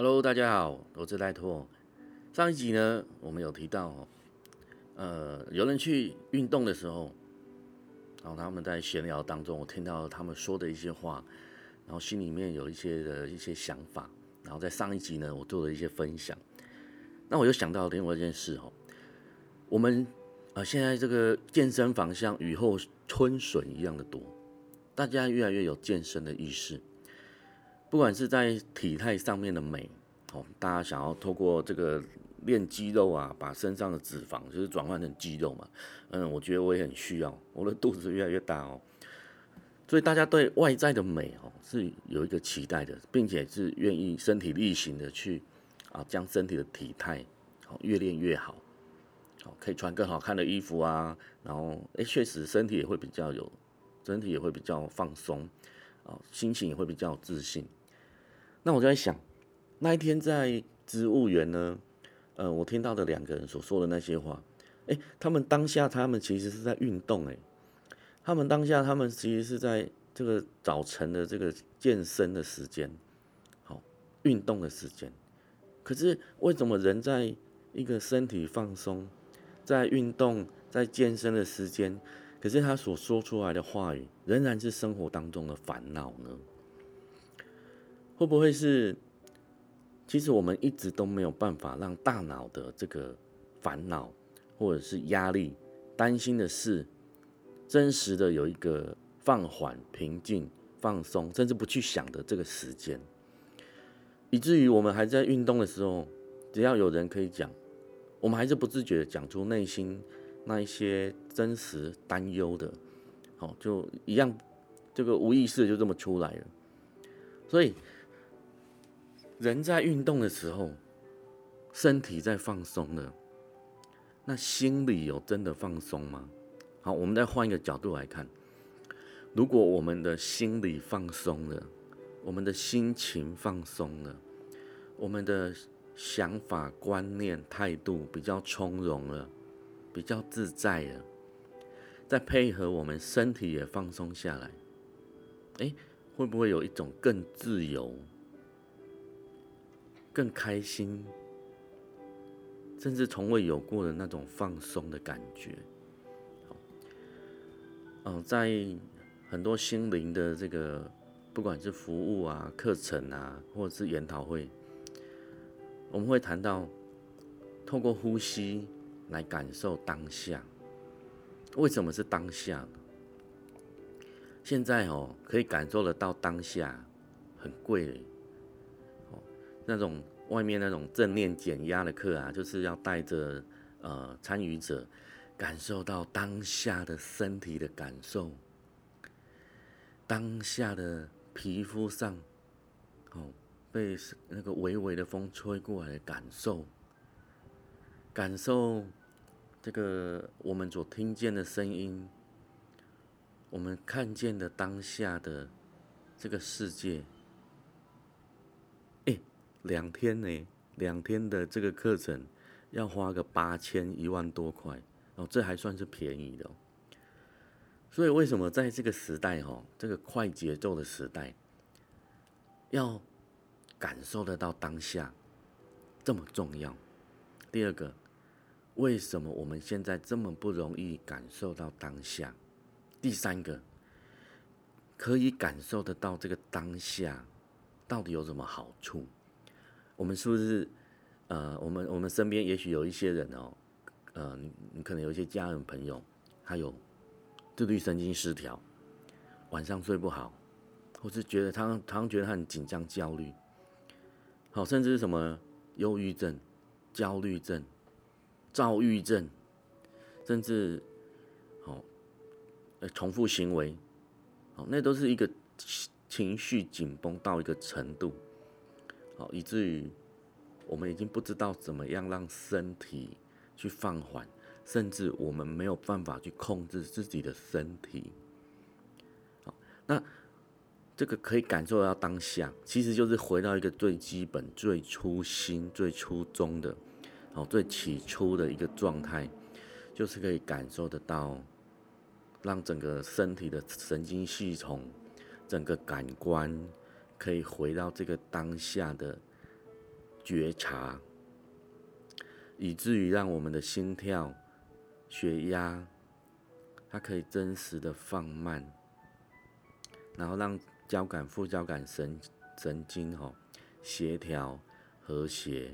Hello，大家好，我是賴托。上一集呢，我們有提到，呃，有人去運動的時候，然後他們在閒聊當中，我聽到他們說的一些話，然後心裡面有一些的一些想法。然後在上一集呢，我做了一些分享，那我又想到另外一件事哦，我們啊、呃，現在這個健身房像雨後春筍一樣的多，大家越來越有健身的意識。不管是在體態上面的美哦，大家想要透過這個練肌肉啊，把身上的脂肪就是轉換成肌肉嘛。嗯，我覺得我也很需要，我的肚子越來越大哦。所以大家對外在的美哦是有一個期待的，並且是願意身體力行的去啊，將身體的體態好、啊、越練越好，好、啊、可以穿更好看的衣服啊，然後哎確實身體也會比較有，身體也會比較放鬆，啊心情也會比較自信。那我就在想，那一天在植物園呢，呃，我聽到的兩個人所說的那些話，誒、欸，他們當下他們其實是在運動、欸，誒，他們當下他們其實是在這個早晨的這個健身的時間，好、哦，運動的時間。可是為什麼人在一個身體放鬆、在運動、在健身的時間，可是他所說出來的話語仍然是生活當中的煩惱呢？會不會是，其實我們一直都沒有辦法讓大腦的這個煩惱或者是壓力、擔心的事，真實的有一個放緩、平靜、放鬆，甚至不去想的這個時間，以至於我們還在運動的時候，只要有人可以講，我們還是不自覺的講出內心那一些真實擔憂的，好，就一樣，這個無意識就這麼出來了，所以。人在運動的時候，身體在放鬆了，那心裡有真的放鬆嗎？好，我們再換一個角度來看，如果我們的心裡放鬆了，我們的心情放鬆了，我們的想法、觀念、態度比較從容了，比較自在了，再配合我們身體也放鬆下來，誒、欸，會不會有一種更自由？更開心，甚至從未有過的那種放鬆的感覺。嗯、哦，在很多心靈的這個，不管是服務啊、課程啊，或者是研討會，我們會談到透過呼吸來感受當下。為什麼是當下呢？現在哦，可以感受得到當下很貴。那種外面那種正念減壓的課啊，就是要帶着呃參與者感受到當下的身體的感受，當下的皮膚上，哦，被那個微微的風吹過來的感受，感受這個我們所聽見的聲音，我們看見的當下的這個世界。兩天呢，欸，兩天的這個課程要花個八千一萬多塊哦，這還算是便宜的哦。所以為什麼在這個時代哦，這個快節奏的時代，要感受得到當下這麼重要？第二個，為什麼我們現在這麼不容易感受到當下？第三個，可以感受得到這個當下到底有什麼好處？我們是不是，呃，我們我們身邊也許有一些人哦，呃，你你可能有一些家人朋友，他有，自律神經失調，晚上睡不好，或是覺得他他們覺得他很緊張焦慮，好、哦，甚至是什麼憂鬱症、焦慮症、躁鬱症，甚至，好、哦，呃，重複行為，好、哦，那都是一個情緒緊繃到一個程度。以至於我們已經不知道怎麼樣讓身體去放緩，甚至我們沒有辦法去控制自己的身體。那這個可以感受到當下，其實就是回到一個最基本、最初心、最初衷的，好，最起初的一個狀態，就是可以感受得到，讓整個身體的神經系統、整個感官。可以回到這個當下的覺察，以至於讓我們的心跳、血壓，它可以真實的放慢，然後讓交感、副交感神神經吼、哦、協調和諧，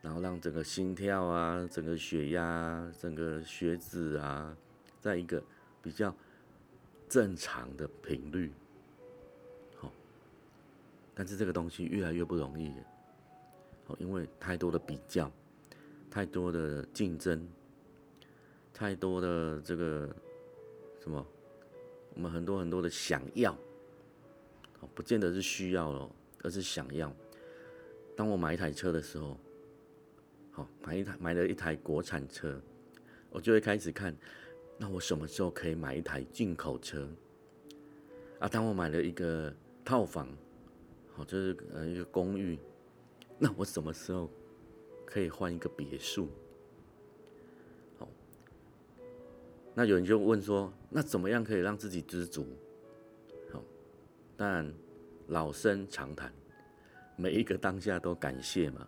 然後讓整個心跳啊、整個血壓啊、整個血脂啊，在一個比較正常的頻率。但是這個東西越來越不容易了，哦，因為太多的比較，太多的競爭，太多的這個什麼，我們很多很多的想要，哦，不見得是需要了，而是想要。當我買一台車的時候，好，買一台買了一台國產車，我就會開始看，那我什麼時候可以買一台進口車？啊，當我買了一個套房。就是呃一個公寓，那我什麼時候可以換一個別墅？那有人就問說，那怎麼樣可以讓自己知足？但當然老生常談，每一個當下都感謝嘛。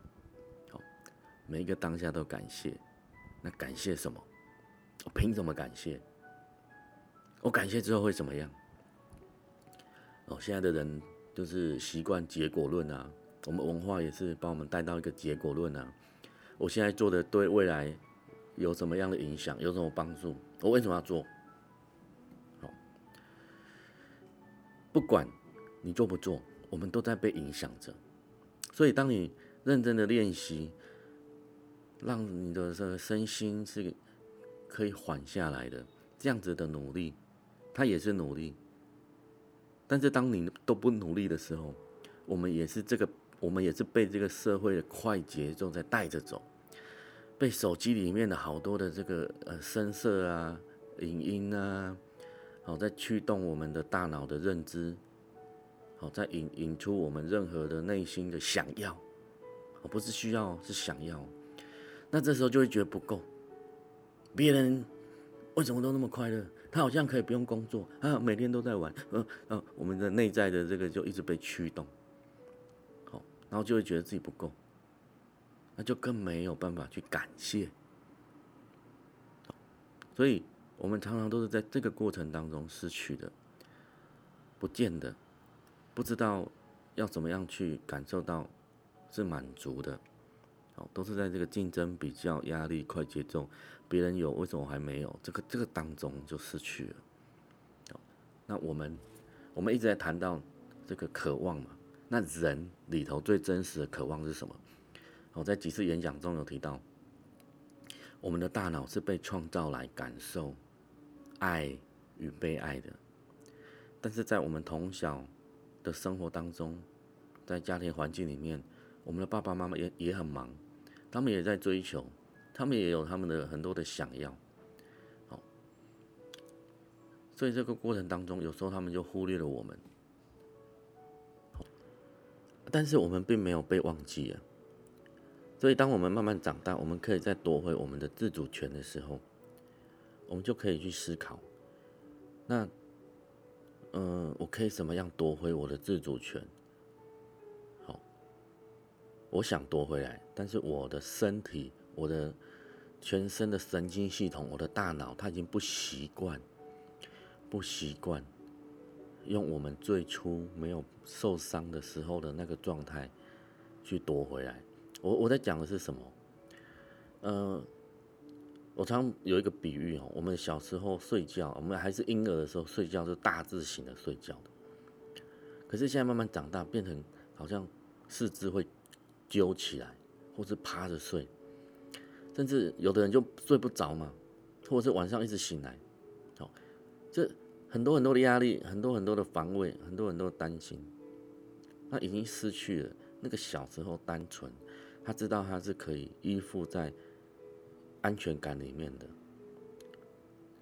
每一個當下都感謝，那感謝什麼？我憑什麼感謝？我感謝之後會怎麼樣？哦，現在的人。就是習慣結果論啊，我們文化也是把我們帶到一個結果論啊。我現在做的對未來有什麼樣的影響，有什麼幫助？我為什麼要做？好，不管你做不做，我們都在被影響着。所以，當你認真的練習，讓你的這個身心是可以緩下來的，這樣子的努力，它也是努力。但是當你都不努力的時候，我們也是這個，我們也是被這個社會的快節奏在帶着走，被手機裡面的好多的這個呃聲色啊、影音，音啊，好、哦、在驅動我們的大腦的認知，好、哦、在引引出我們任何的內心的想要，哦、不是需要，是想要，那這時候就會覺得不夠，別人。為什麼都那麼快樂？他好像可以不用工作啊，每天都在玩，嗯嗯、啊，我們的內在的這個就一直被驅動，好、哦，然後就會覺得自己不夠，那就更沒有辦法去感謝。所以，我們常常都是在這個過程當中失去的，不見得，不知道要怎麼樣去感受到是滿足的。都是在這個競爭比較、壓力、快節奏，別人有為什麼還沒有？這個這個當中就失去了。那我們我們一直在談到這個渴望嘛，那人裡頭最真實的渴望是什麼？我在幾次演講中有提到，我們的大腦是被創造來感受愛與被愛的，但是在我們從小的生活當中，在家庭環境裡面，我們的爸爸媽媽也也很忙。他們也在追求，他們也有他們的很多的想要，所以這個過程當中，有時候他們就忽略了我們，但是我們並沒有被忘記啊。所以，當我們慢慢長大，我們可以再奪回我們的自主權的時候，我們就可以去思考，那，嗯，呃，我可以怎麼樣奪回我的自主權？我想奪回來，但是我的身體、我的全身的神經系統、我的大腦，它已經不習慣，不習慣用我們最初沒有受傷的時候的那個狀態去奪回來。我我在講的是什麼？呃，我常有一個比喻哦，我們小時候睡覺，我們還是嬰兒的時候睡覺是大字型的睡覺的，可是現在慢慢長大，變成好像四肢會。揪起來，或是趴着睡，甚至有的人就睡不着嘛，或者是晚上一直醒來，好、哦，這很多很多的壓力，很多很多的防衛，很多很多的擔心，他已經失去了那個小時候單純，他知道他是可以依附在安全感裡面的，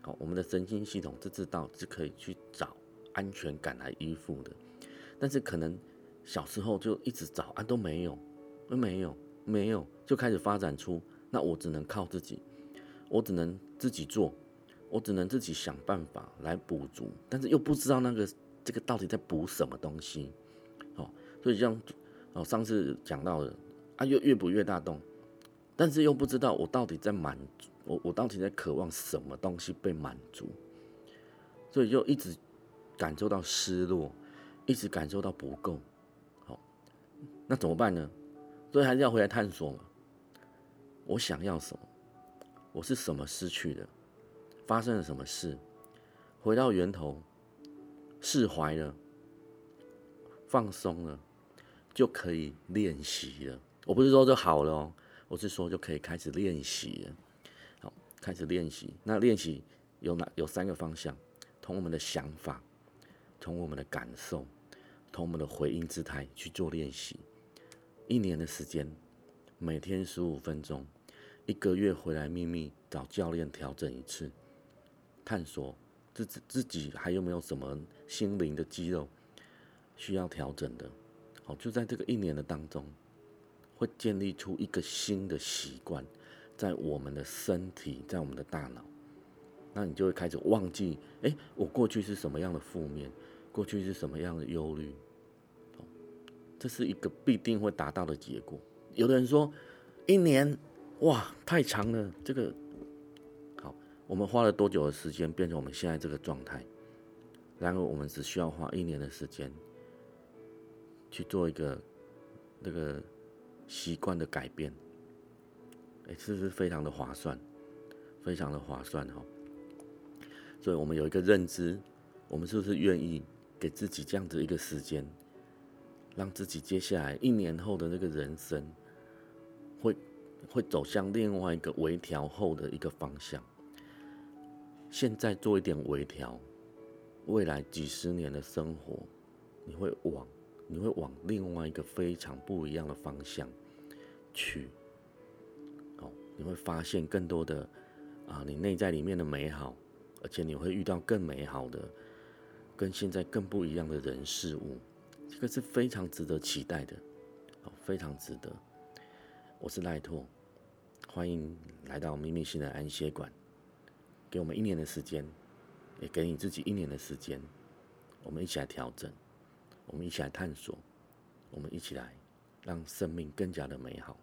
好、哦，我們的神經系統就知道是可以去找安全感來依附的，但是可能小時候就一直找啊都沒有。沒有，沒有，就開始發展出那我只能靠自己，我只能自己做，我只能自己想辦法來補足，但是又不知道那個這個到底在補什麼東西，好、哦，所以像哦上次講到的啊，又越補越大洞，但是又不知道我到底在滿足我我到底在渴望什麼東西被滿足，所以就一直感受到失落，一直感受到不夠，好、哦，那怎麼辦呢？所以還是要回來探索嘛。我想要什麼？我是什麼失去的？發生了什麼事？回到源頭，釋懷了，放鬆了，就可以練習了。我不是說就好了哦，我是說就可以開始練習了。好，開始練習。那練習有哪有三個方向？同我們的想法，同我們的感受，同我們的回應姿態去做練習。一年的時間，每天十五分鐘，一個月回來秘密找教練調整一次，探索自己。自己還有沒有什麼心靈的肌肉需要調整的。好，就在這個一年的當中，會建立出一個新的習慣，在我們的身體，在我們的大腦，那你就會開始忘記，哎，我過去是什麼樣的負面，過去是什麼樣的憂慮。這是一個必定會達到的結果。有的人說，一年，哇，太長了。這個。好，我們花了多久的時間變成我們現在這個狀態？然後我們只需要花一年的時間去做一個那個習慣的改變，哎，是不是非常的划算？非常的划算哈。所以我們有一個認知，我們是不是願意給自己這樣子一個時間？讓自己接下來一年後的那個人生，會會走向另外一個微調後的一個方向。現在做一點微調，未來幾十年的生活，你會往你會往另外一個非常不一樣的方向去。哦，你會發現更多的啊，你內在裡面的美好，而且你會遇到更美好的，跟現在更不一樣的人事物。這個是非常值得期待的，非常值得。我是賴拓，歡迎來到祕謐心人安歇館。給我們一年的時間，也給你自己一年的時間，我們一起來調整，我們一起來探索，我們一起來讓生命更加的美好。